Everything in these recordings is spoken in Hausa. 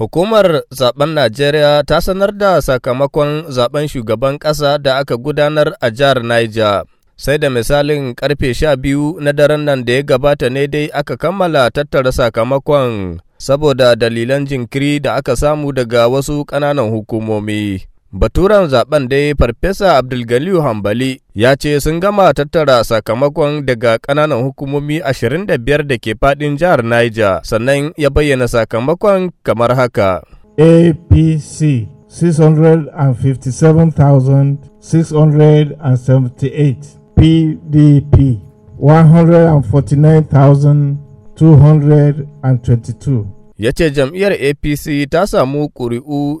Hukumar zaben Najeriya ta sanar da sakamakon zaben shugaban ƙasa da aka gudanar a jihar Niger. Sai da misalin karfe sha biyu na daren nan da ya gabata ne dai aka kammala tattara sakamakon saboda dalilan jinkiri da aka samu daga wasu ƙananan hukumomi. Baturen zaben dai Farfesa Abdulgaliyu Hambali ya ce sun gama tattara sakamakon daga ƙananan hukumomi 25 da ke faɗin jihar Niger sannan ya bayyana sakamakon kamar haka. APC 657,678 PDP 149,222 Ya ce jam'iyyar APC ta samu ƙuri'u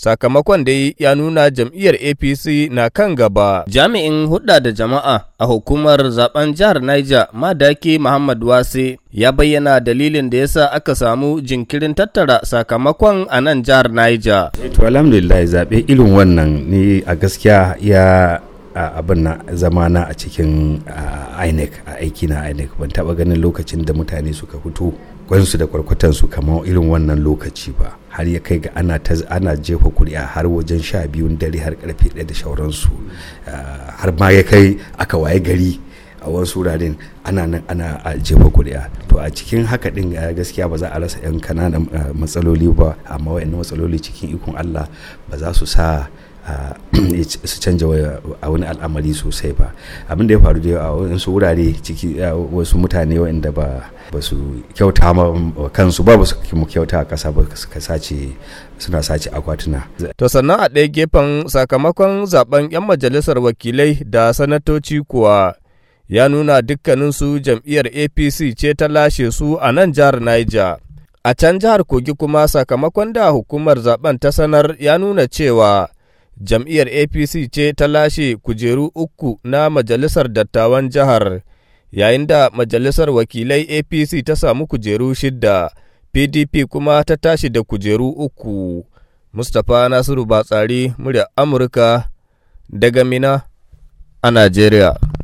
Sakamakon dai ya nuna jam'iyyar APC na kan gaba. Jami'in hudda da jama'a a hukumar zaben jihar Niger Madaki Muhammad Wase ya bayyana dalilin da yasa aka samu jinkirin tattara sakamakon a nan jihar Niger. To alhamdulillah zaɓe irin wannan ne a gaskiya ya abin na zamana a cikin inec a aiki na inec ban taba ganin lokacin da mutane suka fito gwansu da kwarkwatansu kamar irin wannan lokaci ba har ya kai ga ana jefa kuri'a har wajen sha biyun dare har karfe ɗaya da shauransu har ma ya kai aka waye gari a wasu wuraren ana nan ana a jefa kuri'a to a cikin haka din gaskiya ba za a rasa 'yan kananan matsaloli ba amma wayannan matsaloli cikin ikon allah ba za su sa Eh, su canja a wani al'amari sosai ba abin da ya faru da a wasu wurare ciki wasu mutane waɗanda ba ba su kyauta ma kansu ba su mu kyauta a kasa ba suka sace suna sace akwatuna to sannan a ɗaya gefen sakamakon zaben yan majalisar wakilai da sanatoci kuwa ya nuna su jam'iyyar apc ce ta lashe su a nan jihar niger a can jihar kogi kuma sakamakon da hukumar zaben ta sanar ya nuna cewa jam'iyyar apc ce ta lashe kujeru uku na majalisar dattawan jihar yayin da majalisar wakilai apc ta samu kujeru shidda pdp kuma ta tashi da kujeru uku mustapha nasiru batsari murya amurka daga mina a najeriya